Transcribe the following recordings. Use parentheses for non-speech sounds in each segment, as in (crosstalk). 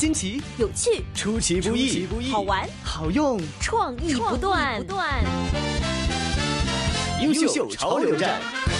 新奇、有趣、出其不意、好玩、好用、創意不斷、不斷，優秀潮流戰。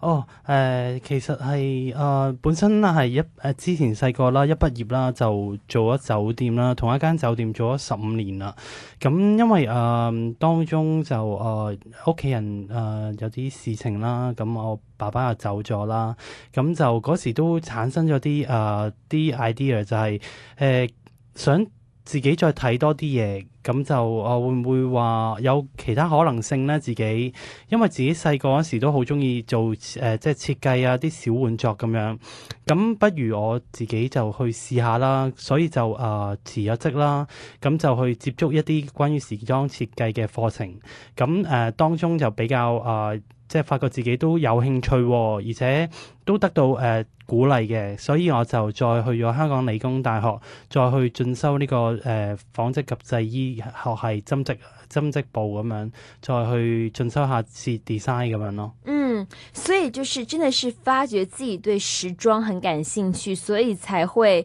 哦，誒、呃，其實係誒、呃、本身係一誒之前細個啦，一畢業啦就做咗酒店啦，同一間酒店做咗十五年啦。咁、嗯、因為誒、呃、當中就誒屋企人誒、呃、有啲事情啦，咁、嗯、我爸爸又走咗啦，咁、嗯、就嗰時都產生咗啲誒啲 idea 就係、是、誒、呃、想。自己再睇多啲嘢，咁就啊會唔會話有其他可能性呢？自己因為自己細個嗰時都好鍾意做誒、呃、即係設計啊，啲小玩作咁樣，咁不如我自己就去試下啦。所以就啊、呃、辭咗職啦，咁就去接觸一啲關於時裝設計嘅課程。咁誒、呃、當中就比較啊。呃即係發覺自己都有興趣、哦，而且都得到誒、呃、鼓勵嘅，所以我就再去咗香港理工大學，再去進修呢、這個誒、呃、紡織及製衣學系針織針織部咁樣，再去進修下設計咁樣咯。嗯，所以就係真係發覺自己對時裝很感興趣，所以才會。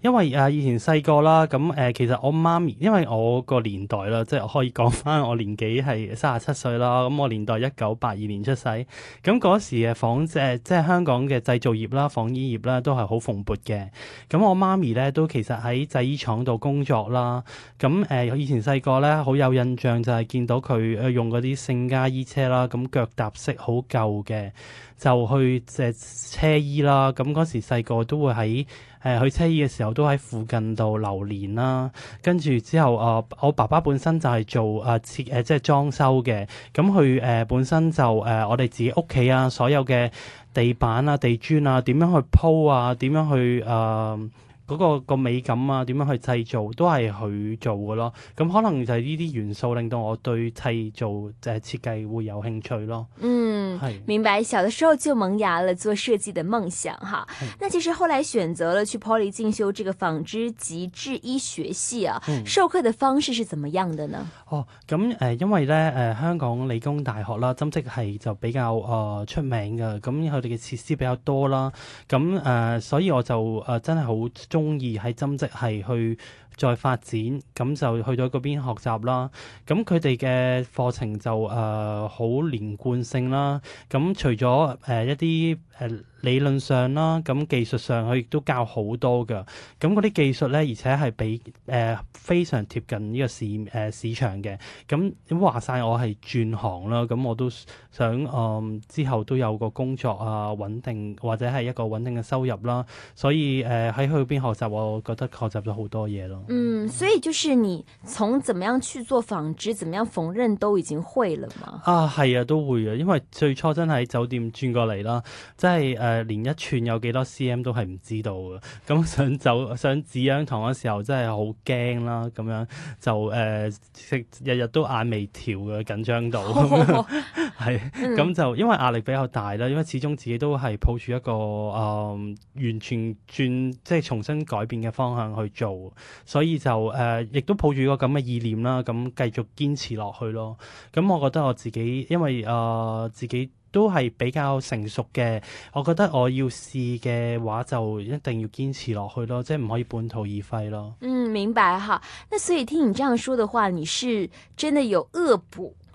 因為啊，以前細個啦，咁誒，其實我媽咪，因為我個年代啦，即係我可以講翻我年紀係三十七歲啦，咁我年代一九八二年出世，咁嗰時嘅紡織，即係香港嘅製造業啦、紡衣業啦，都係好蓬勃嘅。咁我媽咪咧，都其實喺製衣廠度工作啦。咁誒，以前細個咧，好有印象就係見到佢用嗰啲勝家衣車啦，咁腳踏式好舊嘅，就去借車衣啦。咁嗰時細個都會喺誒去車衣嘅時候都喺附近度流連啦，跟住之後啊，我爸爸本身就係做誒、啊、設誒、啊、即係裝修嘅，咁佢誒本身就誒、啊、我哋自己屋企啊，所有嘅地板啊、地磚啊，點樣去鋪啊，點樣去誒。啊嗰個個美感啊，點樣去製造都係佢做嘅咯。咁可能就係呢啲元素令到我對製造誒設計會有興趣咯。嗯，係明白。小嘅時候就萌芽了做設計嘅夢想吓，那其實後來選擇咗去 Poly 進修這個紡織及製衣學系啊。授課嘅方式是怎麼樣嘅呢？哦，咁、啊、誒，因為咧誒、啊，香港理工大學啦針織係就比較誒、啊、出名嘅，咁佢哋嘅設施比較多啦。咁、啊、誒，所以我就誒、啊、真係好中意喺針織系去。再發展咁就去到嗰邊學習啦。咁佢哋嘅課程就誒好、呃、連貫性啦。咁除咗誒、呃、一啲誒、呃、理論上啦，咁技術上佢亦都教好多嘅。咁嗰啲技術咧，而且係比誒、呃、非常貼近呢個市誒、呃、市場嘅。咁、嗯、話晒我係轉行啦，咁我都想誒、呃、之後都有個工作啊穩定，或者係一個穩定嘅收入啦。所以誒喺、呃、去嗰邊學習，我覺得學習咗好多嘢咯。嗯，所以就是你從怎麼樣去做紡織，怎麼樣縫紉都已經會了嗎？啊，係啊，都會啊，因為最初真係喺酒店轉過嚟啦，即係誒連一寸有幾多 cm 都係唔知道嘅，咁、嗯、想走上紙樣堂嘅時候真係好驚啦，咁樣就誒、呃、食日日都眼眉跳嘅緊張到，係咁就因為壓力比較大啦，因為始終自己都係抱住一個誒、呃、完全轉即係重新改變嘅方向去做。所以就誒、呃，亦都抱住個咁嘅意念啦，咁繼續堅持落去咯。咁我覺得我自己，因為誒自己都係比較成熟嘅，我覺得我要試嘅話，就一定要堅持落去咯，即係唔可以半途而廢咯。嗯，明白哈。嗱，所以聽你這樣說的話，你是真的有惡補。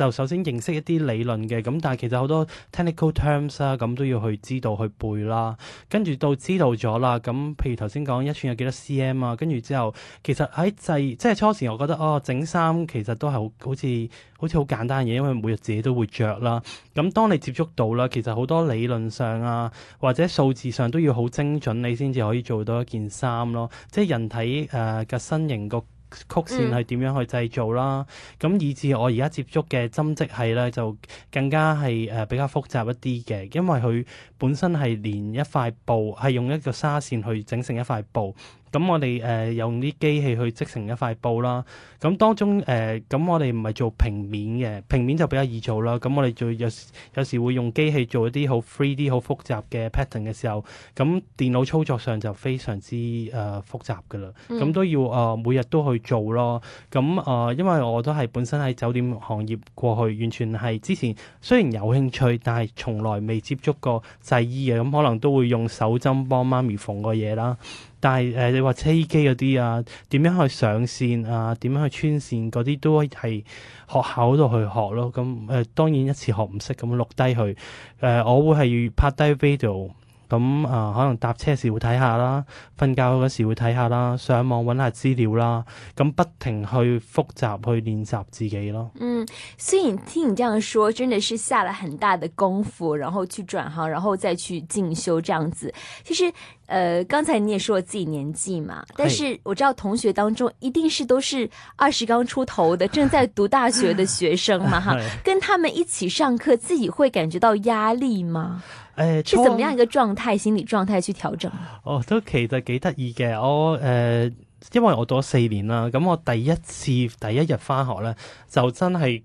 就首先認識一啲理論嘅，咁但係其實好多 technical terms 啦、啊，咁都要去知道去背啦。跟住到知道咗啦，咁譬如頭先講一寸有幾多 cm 啊，跟住之後其實喺製即係初時，我覺得哦整衫其實都係好好似好似好簡單嘅嘢，因為每日自己都會着啦。咁當你接觸到啦，其實好多理論上啊或者數字上都要好精準，你先至可以做到一件衫咯。即係人體誒嘅、呃、身形個。曲線係點樣去製造啦？咁、嗯、以至我而家接觸嘅針織係咧，就更加係誒比較複雜一啲嘅，因為佢本身係連一塊布，係用一個紗線去整成一塊布。咁我哋誒、呃、用啲機器去織成一塊布啦。咁當中誒咁、呃、我哋唔係做平面嘅，平面就比較易做啦。咁我哋就有時有時會用機器做一啲好 free 啲、好複雜嘅 pattern 嘅時候，咁電腦操作上就非常之誒、呃、複雜噶啦。咁都要誒、呃、每日都去做咯。咁誒、呃、因為我都係本身喺酒店行業過去，完全係之前雖然有興趣，但係從來未接觸過製衣嘅。咁可能都會用手針幫媽咪縫過嘢啦。但係誒，你話車衣機嗰啲啊，點樣去上線啊，點樣去穿線嗰啲都係學校度去學咯。咁、嗯、誒、呃，當然一次學唔識咁錄低去。誒、呃，我會係要拍低 video。咁啊，可能搭車時會睇下啦，瞓覺嗰時會睇下啦，上網揾下資料啦，咁不停去複習、去練習自己咯。嗯，所以聽你這樣說，真的是下了很大的功夫，然後去轉行，然後再去進修，這樣子。其實，呃，剛才你也說了自己年紀嘛，但是我知道同學當中，一定是都是二十剛出頭的，正在讀大學的學生嘛，哈， (laughs) 跟他們一起上課，自己會感覺到壓力嗎？誒，呃、是怎麼樣一個狀態？心理狀態去調整？哦，都其實幾得意嘅。我誒、呃，因為我做咗四年啦，咁我第一次第一日翻學咧，就真係。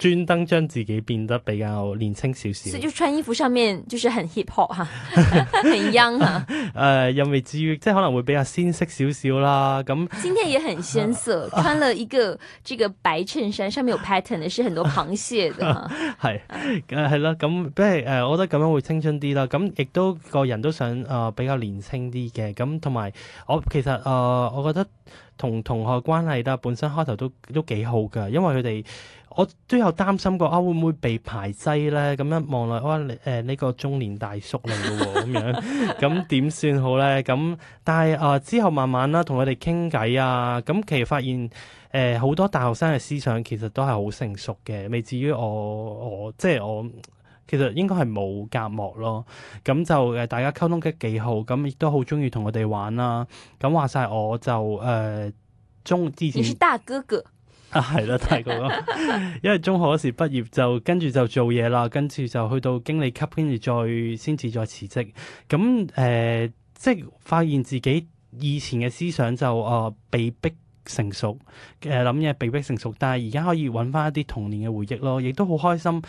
專登將自己變得比較年輕少少，就穿衣服上面就是很 hip hop 嚇，很 young 啊。誒、 (laughs) 啊，又、呃、未至於即係可能會比較鮮色少少啦。咁、嗯、今天也很鮮色， (laughs) 穿了一個這個白襯衫，上面有 pattern，是很多螃蟹的。係、啊、誒，係、 (laughs) 嗯嗯嗯、啦。咁不如，誒、呃，我覺得咁樣會青春啲啦。咁亦都個人都想誒、呃、比較年輕啲嘅。咁同埋我其實誒、呃，我覺得。同同學關係啦，本身開頭都都幾好㗎，因為佢哋我都有擔心過啊，會唔會被排擠咧？咁樣望落哇，誒呢、呃、個中年大叔嚟嘅喎，咁樣咁點算好咧？咁但係啊、呃，之後慢慢啦，同佢哋傾偈啊，咁其實發現誒好、呃、多大學生嘅思想其實都係好成熟嘅，未至於我我即係我。我其實應該係冇隔膜咯，咁就誒、呃、大家溝通得幾好，咁亦都好中意同我哋玩啦。咁話晒我就誒、呃、中之前你係大哥哥啊，係啦，大哥哥， (laughs) 因為中學嗰時畢業就跟住就做嘢啦，跟住就去到經理級，跟住再先至再，再，再辭職。咁、嗯、誒、呃、即係發現自己以前嘅思想就啊、呃、被逼成熟，誒諗嘢被逼成熟，但係而家可以揾翻一啲童年嘅回憶咯，亦都好開心。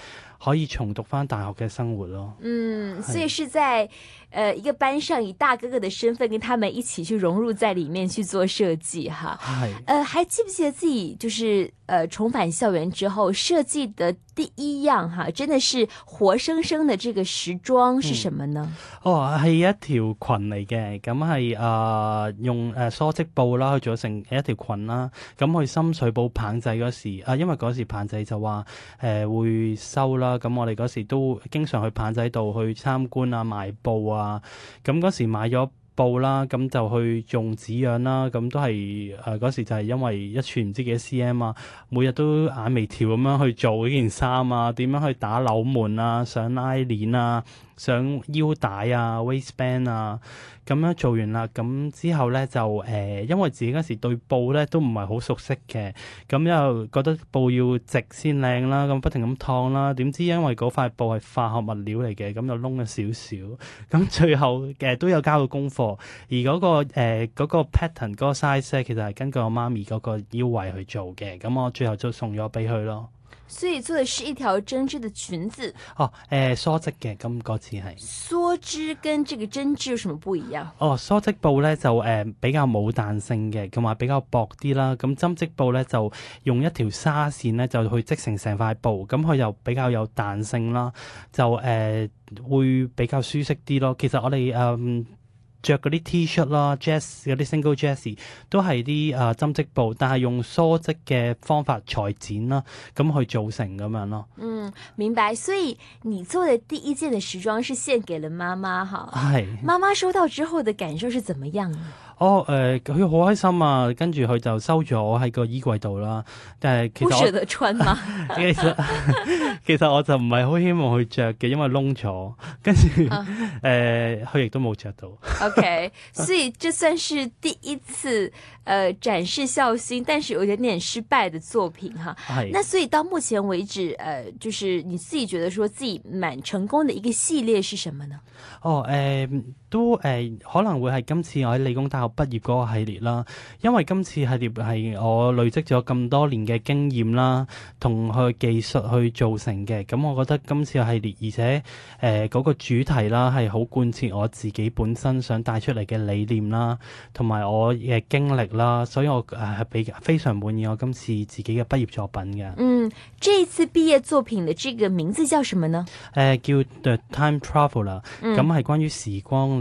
可以重讀翻大學嘅生活咯。嗯，是所以是在，誒、呃、一個班上以大哥哥嘅身份跟他們一起去融入在裡面去做設計哈。係是。誒、呃，還記不記得自己就是誒、呃、重返校園之後設計的第一樣哈？真的是活生生的這個時裝是什麼呢？嗯、哦，係一條裙嚟嘅，咁係啊，用誒梭織布啦去做成一條裙啦。咁去深水埗棒仔嗰時啊、呃，因為嗰時棒仔就話誒、呃、會收啦。咁、嗯、我哋嗰時都經常去棒仔度去參觀啊、賣布啊，咁、嗯、嗰時買咗。布啦，咁、嗯、就去用紙樣啦，咁、嗯、都係誒、呃、嗰時就係因為一寸唔知幾多 cm 啊，每日都眼眉條咁樣去做呢件衫啊，點樣去打紐門啊，上拉鏈啊，上腰帶啊，waistband 啊，咁樣、啊嗯、做完啦，咁、嗯、之後咧就誒、呃、因為自己嗰時對布咧都唔係好熟悉嘅，咁、嗯、又覺得布要直先靚啦，咁、嗯、不停咁燙啦，點知因為塊布係化學物料嚟嘅，咁、嗯、就窿咗少少，咁、嗯、最後誒、呃、都有交到功課。而嗰、那個誒、呃、那個 pattern 嗰個 size 咧，其實係根據我媽咪嗰個腰圍去做嘅。咁我最後就送咗俾佢咯。所以做嘅係一條針織嘅裙子。哦、啊，誒、呃，梭織嘅，咁、那、嗰、個、次係梭織跟這個針織有什麼不一樣？哦，梭織布咧就誒、呃、比較冇彈性嘅，同埋比較薄啲啦。咁、嗯嗯、針織布咧就用一條紗線咧就去織成成塊布。咁、嗯、佢又比較有彈性啦，就誒、呃、會比較舒適啲咯。其實我哋誒。嗯嗯嗯着嗰啲 T shirt 啦，jazz 嗰啲 single jersey 都係啲啊針織布，但係用梭織嘅方法裁剪啦，咁去做成咁樣咯。嗯，明白。所以你做的第一件嘅時裝，是獻給了媽媽哈，係媽媽收到之後的感受是怎麼樣？哦，誒、oh, 呃，佢好開心啊，跟住佢就收咗喺個衣櫃度啦。但係其實，不捨得穿嘛。 (laughs) 其實，其實我就唔係好希望去着嘅，因為窿咗。跟住，誒、呃，佢亦都冇着到。 (laughs) OK，所以這算是第一次，誒、呃，展示孝心，但是有一點點失敗嘅作品哈。係。那所以到目前為止，誒、呃，就是你自己覺得說自己蠻成功的一個系列是什麼呢？哦、oh, 呃，誒。都誒、呃、可能會係今次我喺理工大學畢業個系列啦，因為今次系列係我累積咗咁多年嘅經驗啦，同佢技術去造成嘅，咁、嗯、我覺得今次系列，而且誒、呃嗰個主題啦係好貫徹我自己本身想帶出嚟嘅理念啦，同埋我嘅經歷啦，所以我誒係比非常滿意我今次自己嘅畢業作品嘅。嗯，這次畢業作品的這個名字叫什麼呢？誒、呃，叫 The Time Traveler，咁、嗯、係關於時光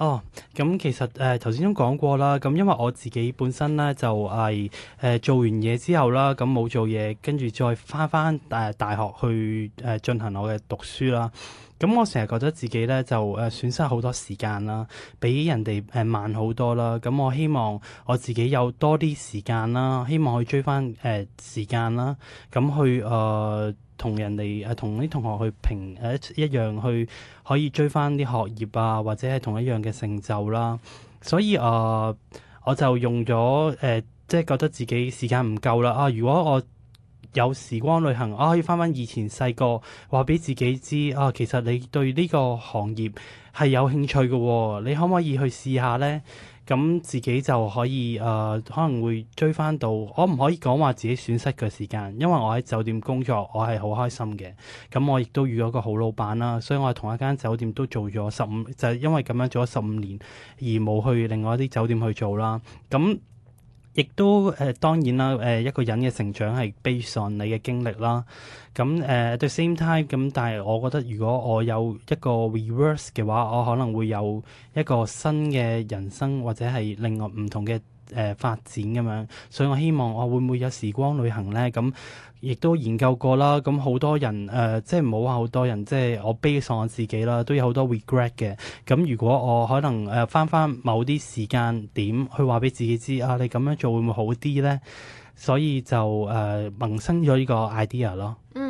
哦，咁、oh, 嗯、其實誒頭先都講過啦，咁、嗯、因為我自己本身咧就係、是、誒、呃、做完嘢之後啦，咁、嗯、冇做嘢，跟住再翻翻誒大學去誒、呃、進行我嘅讀書啦。咁、嗯、我成日覺得自己咧就誒、呃、損失好多時間啦，比人哋誒、呃、慢好多啦。咁、嗯、我希望我自己有多啲時間啦，希望可以追翻誒、呃、時間啦，咁、嗯、去誒。呃同人哋啊，同啲同學去評誒、啊、一樣，去可以追翻啲學業啊，或者係同一樣嘅成就啦。所以啊、呃，我就用咗誒、呃，即係覺得自己時間唔夠啦。啊，如果我有時光旅行，我可以翻翻以前細個，話俾自己知啊，其實你對呢個行業係有興趣嘅、哦，你可唔可以去試下咧？咁、嗯、自己就可以誒、呃，可能會追翻到，可唔可以講話自己損失嘅時間？因為我喺酒店工作，我係好開心嘅。咁、嗯、我亦都遇咗個好老闆啦，所以我喺同一間酒店都做咗十五，就係因為咁樣做咗十五年，而冇去另外一啲酒店去做啦。咁、嗯。亦都誒、呃、當然啦，誒、呃、一個人嘅成長係 base on 你嘅經歷啦。咁誒對 same time，咁但係我覺得如果我有一個 reverse 嘅話，我可能會有一個新嘅人生或者係另外唔同嘅誒、呃、發展咁樣。所以我希望我會唔會有時光旅行咧？咁。亦都研究過啦，咁好多人誒、呃，即唔好話好多人，即係我 base on 我自己啦，都有好多 regret 嘅。咁如果我可能誒翻翻某啲時間點去話俾自己知啊，你咁樣做會唔會好啲咧？所以就誒、呃、萌生咗呢個 idea 咯。嗯。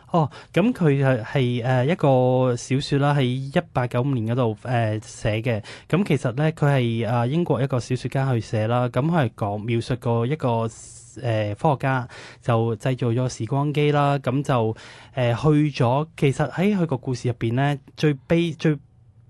哦，咁佢係係誒一個小説啦，喺一八九五年嗰度誒寫嘅。咁其實咧，佢係啊英國一個小説家去寫啦。咁佢係講描述過一個誒、呃、科學家就製造咗時光機啦。咁、嗯、就誒、呃、去咗。其實喺佢個故事入邊咧，最悲最悲。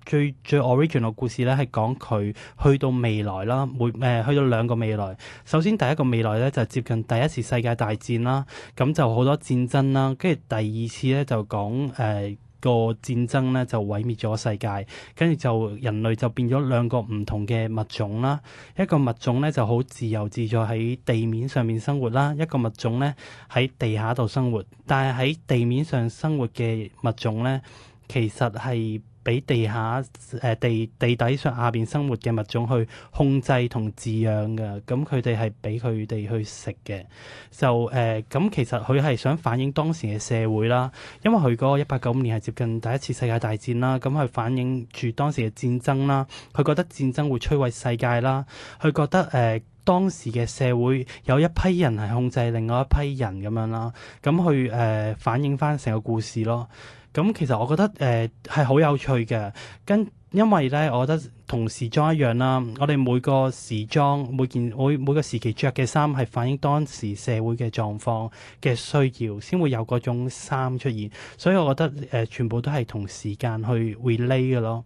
最最 original 嘅故事咧，係講佢去到未來啦，每誒、呃、去到兩個未來。首先第一個未來咧，就是、接近第一次世界大戰啦，咁就好多戰爭啦。跟住第二次咧，就講誒個戰爭咧就毀滅咗世界，跟住就人類就變咗兩個唔同嘅物種啦。一個物種咧就好自由自在喺地面上面生活啦，一個物種咧喺地下度生活。但係喺地面上生活嘅物種咧，其實係。俾地下誒地地底上下面生活嘅物種去控制同滋養嘅，咁佢哋係俾佢哋去食嘅。就誒咁、呃，其實佢係想反映當時嘅社會啦，因為佢嗰個一八九五年係接近第一次世界大戰啦，咁係反映住當時嘅戰爭啦。佢覺得戰爭會摧毀世界啦，佢覺得誒、呃、當時嘅社會有一批人係控制另外一批人咁樣啦，咁去誒反映翻成個故事咯。咁其實我覺得誒係好有趣嘅，跟因為咧，我覺得同時裝一樣啦。我哋每個時裝、每件每每個時期著嘅衫，係反映當時社會嘅狀況嘅需要，先會有嗰種衫出現。所以，我覺得誒、呃、全部都係同時間去 relay 嘅咯。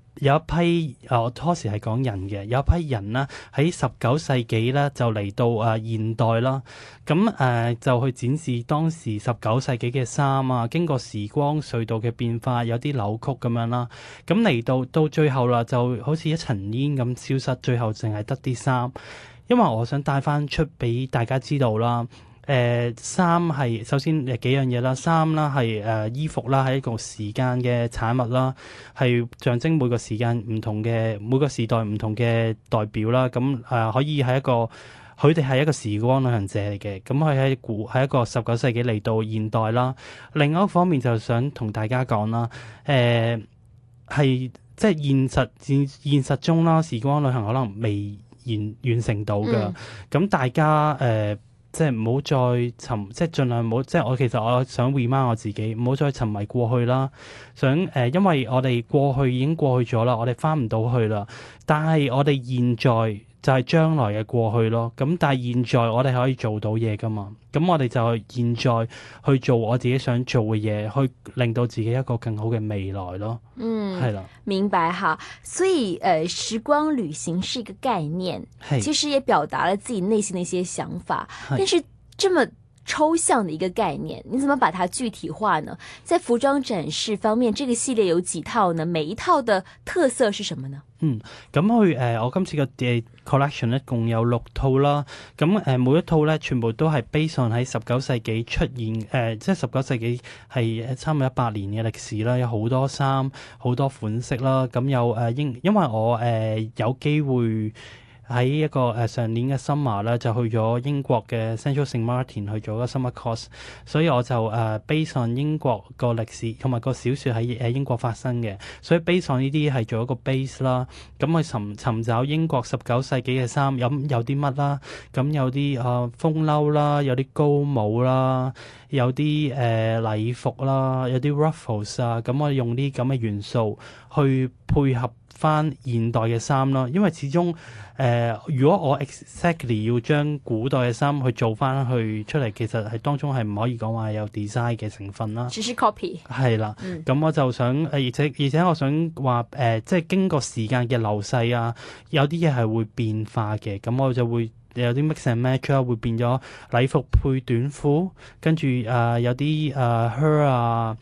有一批啊，我初時係講人嘅，有一批人呢，喺十九世紀啦就嚟到啊現代啦，咁、嗯、誒就去展示當時十九世紀嘅衫啊，經過時光隧道嘅變化，有啲扭曲咁樣啦，咁、嗯、嚟到到最後啦，就好似一層煙咁消失，最後淨係得啲衫，因為我想帶翻出俾大家知道啦。誒、呃、三係首先誒幾樣嘢啦，三啦係誒衣服啦，係一個時間嘅產物啦，係象徵每個時間唔同嘅每個時代唔同嘅代表啦。咁、嗯、誒、呃、可以係一個佢哋係一個時光旅行者嚟嘅。咁佢喺古喺一個十九世紀嚟到現代啦。另外一方面就想同大家講啦，誒、呃、係即係現實現現實中啦，時光旅行可能未完完成到嘅。咁、嗯嗯、大家誒。呃即係唔好再沉，即係儘量唔好，即係我其實我想 remind 我自己，唔好再沉迷過去啦。想誒、呃，因為我哋過去已經過去咗啦，我哋翻唔到去啦。但係我哋現在。就係將來嘅過去咯，咁但係現在我哋可以做到嘢㗎嘛？咁我哋就現在去做我自己想做嘅嘢，去令到自己一個更好嘅未來咯。嗯，係啦，明白哈。所以誒、呃，時光旅行是一個概念，hey, 其實也表達了自己內心的一些想法，Hey. 但是咁。抽象嘅一個概念，你怎麼把它具體化呢？在服裝展示方面，這個系列有幾套呢？每一套的特色是什麼呢？嗯，咁佢誒，我今次嘅 collection 一共有六套啦。咁、嗯、誒、嗯，每一套咧，全部都係 based on 喺十九世紀出現，誒、呃，即係十九世紀係差唔多一百年嘅歷史啦，有好多衫，好多款式啦。咁有誒，因因為我誒、呃、有機會。喺一個誒上年嘅 summer 咧，就去咗英國嘅 Central Saint Martin 去做一個 summer course，所以我就誒 based on 英國個歷史同埋個小説喺喺英國發生嘅，所以 based on 呢啲係做一個 base 啦。咁我尋尋找英國十九世紀嘅衫，咁有啲乜啦？咁有啲啊風褸啦，有啲高帽啦，有啲誒禮服啦，有啲 ruffles 啊。咁我用啲咁嘅元素去配合。翻現代嘅衫咯，因為始終誒、呃，如果我 exactly 要將古代嘅衫去做翻去出嚟，其實係當中係唔可以講話有 design 嘅成分啦。只是 copy 係啦，咁、嗯、我就想誒，而且而且我想話誒、呃，即係經過時間嘅流逝啊，有啲嘢係會變化嘅，咁我就會有啲 mix and match 啊，會變咗禮服配短褲，跟住誒、呃、有啲誒靴啊。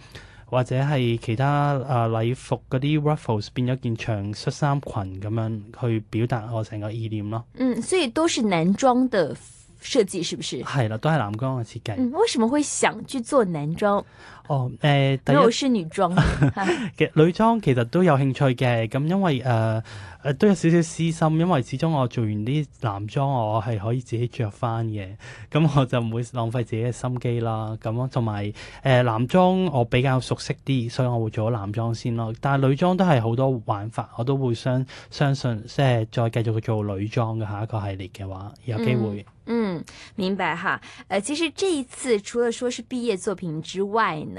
或者係其他啊，呃、禮服嗰啲 ruffles 變咗件長恤衫裙咁樣去表達我成個意念咯。嗯，所以都係男裝嘅設計，是不是？係啦，都係男裝嘅設計。嗯，為什麼會想去做男裝？哦，誒、呃，第一，冇試女裝， (laughs) 女裝其實都有興趣嘅，咁因為誒誒、呃呃、都有少少私心，因為始終我做完啲男裝，我係可以自己着翻嘅，咁我就唔會浪費自己嘅心機啦。咁同埋誒男裝我比較熟悉啲，所以我會做咗男裝先咯。但係女裝都係好多玩法，我都會相相信，即、呃、係再繼續去做女裝嘅下一個系列嘅話，有機會。嗯。嗯，明白哈。誒、呃，其實這一次除了說是畢業作品之外呢？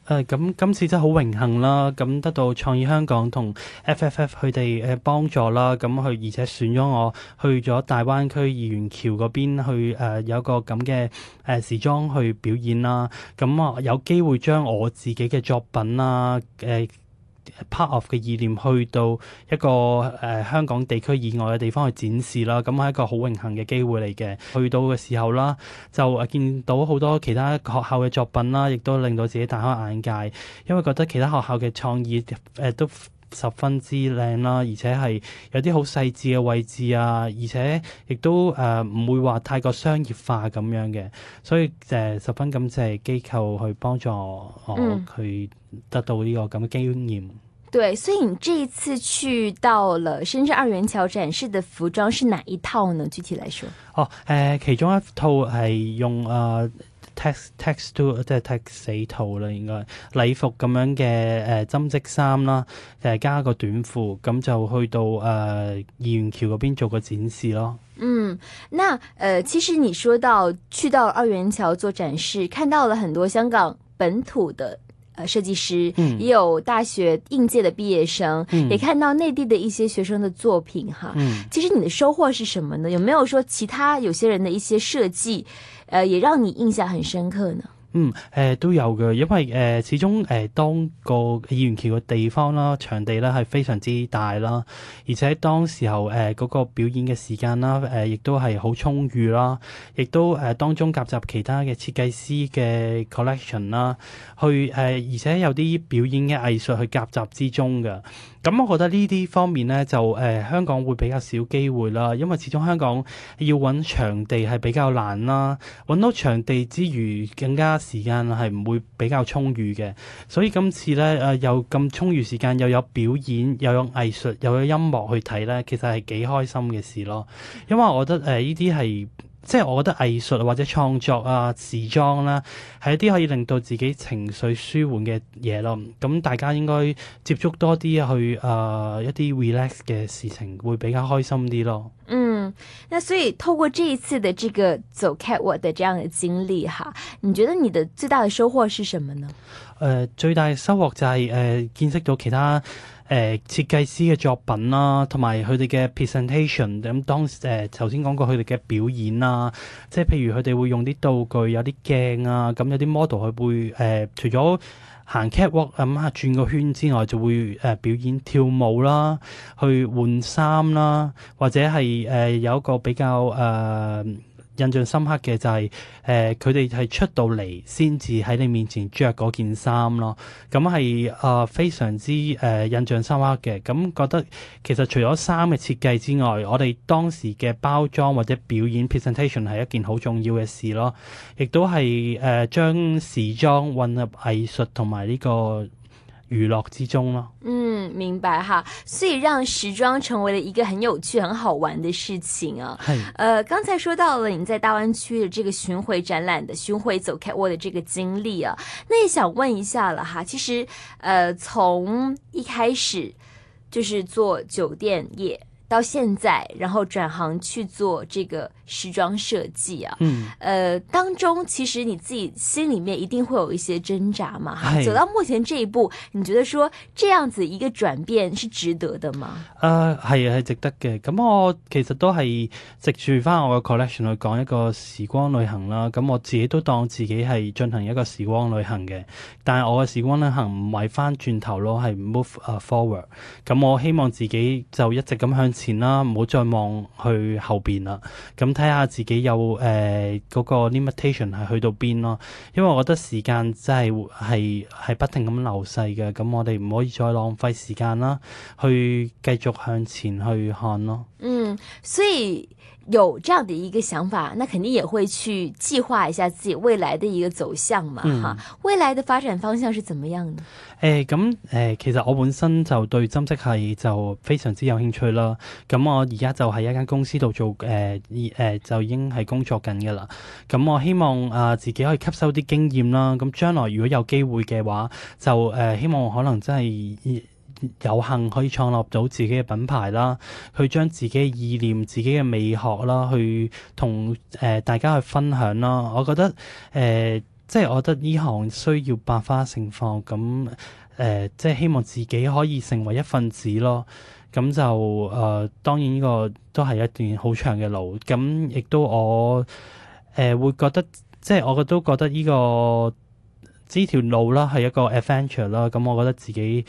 咁、嗯、今次真係好榮幸啦！咁、嗯、得到創意香港同 FFF 佢哋誒幫助啦，咁、嗯、佢而且選咗我去咗大灣區二元橋嗰邊去誒、呃、有一個咁嘅誒時裝去表演啦，咁、嗯、啊、嗯、有機會將我自己嘅作品啦誒，呃 Part of 嘅意念去到一個誒、呃、香港地區以外嘅地方去展示啦，咁係一個好榮幸嘅機會嚟嘅。去到嘅時候啦，就見到好多其他學校嘅作品啦，亦都令到自己大開眼界，因為覺得其他學校嘅創意誒、呃、都，十分之靚啦、啊，而且係有啲好細緻嘅位置啊，而且亦都誒唔、呃、會話太過商業化咁樣嘅，所以誒、呃、十分感謝機構去幫助我佢、呃、得到呢個咁嘅經驗、嗯。對，所以你呢次去到了深圳二元橋展示嘅服裝是哪一套呢？具體來說，哦誒、呃，其中一套係用誒。呃 text to 即係 text 四套、呃、啦，應該禮服咁樣嘅誒針織衫啦，誒加個短褲，咁就去到誒二元橋嗰邊做個展示咯。嗯，那誒、呃、其實你說到去到二元橋做展示，看到了很多香港本土的誒設計師，也有大學應屆的畢業生，嗯、也看到內地的一些學生的作品，哈，嗯、其實你的收穫是什麼呢？有沒有說其他有些人的一些設計？誒，也讓你印象很深刻呢。嗯，誒、呃、都有嘅，因為誒、呃、始終誒、呃、當個議員橋嘅地方啦，場地咧係非常之大啦，而且當時候誒嗰、呃那個表演嘅時間啦，誒、呃、亦都係好充裕啦，亦都誒、呃、當中夾雜其他嘅設計師嘅 collection 啦，去誒、呃、而且有啲表演嘅藝術去夾雜之中嘅。咁我覺得呢啲方面咧，就誒、呃、香港會比較少機會啦，因為始終香港要揾場地係比較難啦，揾到場地之餘，更加時間係唔會比較充裕嘅。所以今次咧誒、呃、又咁充裕時間，又有表演，又有藝術，又有音樂去睇咧，其實係幾開心嘅事咯。因為我覺得誒呢啲係。呃即係我覺得藝術或者創作啊時裝啦、啊，係一啲可以令到自己情緒舒緩嘅嘢咯。咁大家應該接觸多啲去誒一啲 relax 嘅事情，會比較開心啲咯。嗯，那所以透過這一次的這個走 catwalk 的這樣的經歷，哈，你覺得你的最大嘅收穫是什麼呢？誒、呃，最大嘅收穫就係、是、誒、呃、見識到其他。誒、呃、設計師嘅作品啦，同埋佢哋嘅 presentation，咁當誒頭先講過佢哋嘅表演啦，即係譬如佢哋會用啲道具，有啲鏡啊，咁有啲 model 佢會誒、呃、除咗行 catwalk 咁、呃、啊轉個圈之外，就會誒、呃、表演跳舞啦，去換衫啦，或者係誒、呃、有一個比較誒、呃印象深刻嘅就係、是、誒，佢哋係出到嚟先至喺你面前着嗰件衫咯，咁係誒非常之誒、呃、印象深刻嘅。咁、嗯、覺得其實除咗衫嘅設計之外，我哋當時嘅包裝或者表演 presentation 係一件好重要嘅事咯，亦都係誒將時裝混入藝術同埋呢個。娛樂之中咯，嗯，明白哈，所以讓時裝成為了一個很有趣、很好玩的事情啊。呃，剛才說到了你在大灣區的這個巡迴展覽的巡迴走 catwalk 的這個經歷啊，那也想問一下了哈，其實，呃，從一開始就是做酒店業，到現在，然後轉行去做這個。時裝設計啊，嗯，誒，當中其實你自己心裏面一定會有一些掙扎嘛。係走到目前這一步，你覺得說這樣子一個轉變是值得的嗎？誒，係啊，係值得嘅。咁我其實都係藉住翻我嘅 collection 去講一個時光旅行啦。咁我自己都當自己係進行一個時光旅行嘅，但係我嘅時光旅行唔係翻轉頭咯，係 move 啊 forward。咁我希望自己就一直咁向前啦，唔好再望去後邊啦。咁睇下自己有誒、呃嗰個 limitation 係去到邊咯，因為我覺得時間真係係係不停咁流逝嘅，咁我哋唔可以再浪費時間啦，去繼續向前去看咯。嗯，所以。有這樣的一個想法，那肯定也會去計劃一下自己未來的一個走向嘛，哈、嗯啊？未來的發展方向是怎麼樣呢？誒、呃，咁、呃、誒，其實我本身就對針織係就非常之有興趣啦。咁我而家就喺一間公司度做，誒、呃，誒、呃，就已經係工作緊噶啦。咁、呃、我希望啊、呃，自己可以吸收啲經驗啦。咁、呃、將來如果有機會嘅話，就誒、呃，希望可能真係。呃有幸可以創立到自己嘅品牌啦，去將自己嘅意念、自己嘅美學啦，去同誒、呃、大家去分享啦。我覺得誒、呃，即係我覺得呢行需要百花盛放咁誒、呃，即係希望自己可以成為一份子咯。咁就誒、呃，當然呢個都係一段好長嘅路。咁亦都我誒、呃、會覺得，即係我個都覺得呢、這個呢條路啦，係一個 adventure 啦。咁我覺得自己。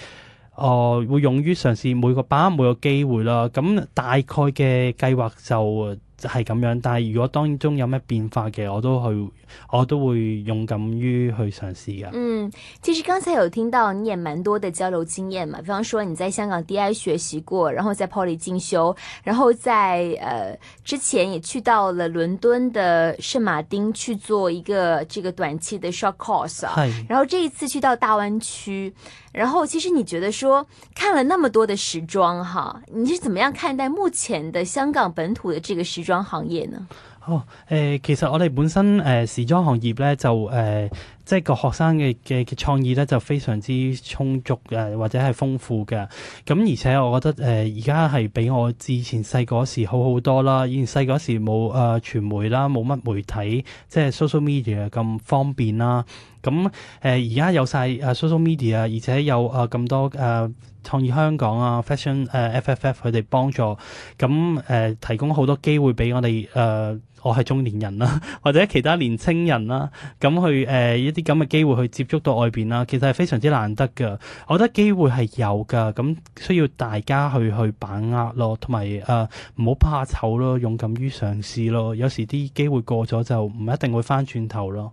哦、呃，會勇於嘗試每個把握每個機會啦，咁大概嘅計劃就。就係咁樣，但係如果當中有咩變化嘅，我都去，我都會勇敢於去嘗試嘅。嗯，其實剛才有聽到你也蠻多的交流經驗嘛，比方說你在香港 DI 學習過，然後在 Poly 進修，然後在呃之前也去到了倫敦的聖馬丁去做一個這個短期的 short course，係、啊。係。然後這一次去到大灣區，然後其實你覺得說看了那麼多的時裝哈，你是怎麼樣看待目前的香港本土的這個時裝？裝、哦呃呃、行業呢？哦，誒、呃，其實我哋本身誒時裝行業咧，就誒即係個學生嘅嘅創意咧，就非常之充足嘅、呃，或者係豐富嘅。咁、呃、而且我覺得誒而家係比我之前細個時好好多啦。以前細個時冇誒傳媒啦，冇乜媒體，即係 social media 咁方便啦。咁誒而家有晒 social media，啊，而且有誒咁、啊、多誒、啊、創意香港啊、fashion 誒 FFF 佢哋幫助，咁、嗯、誒、呃、提供好多機會俾我哋誒、呃，我係中年人啦、啊，或者其他年青人啦、啊，咁去誒一啲咁嘅機會去接觸到外邊啦、啊，其實係非常之難得嘅。我覺得機會係有噶，咁、嗯、需要大家去去把握咯，同埋誒唔好怕醜咯，勇敢於嘗試咯。有時啲機會過咗就唔一定會返轉頭咯。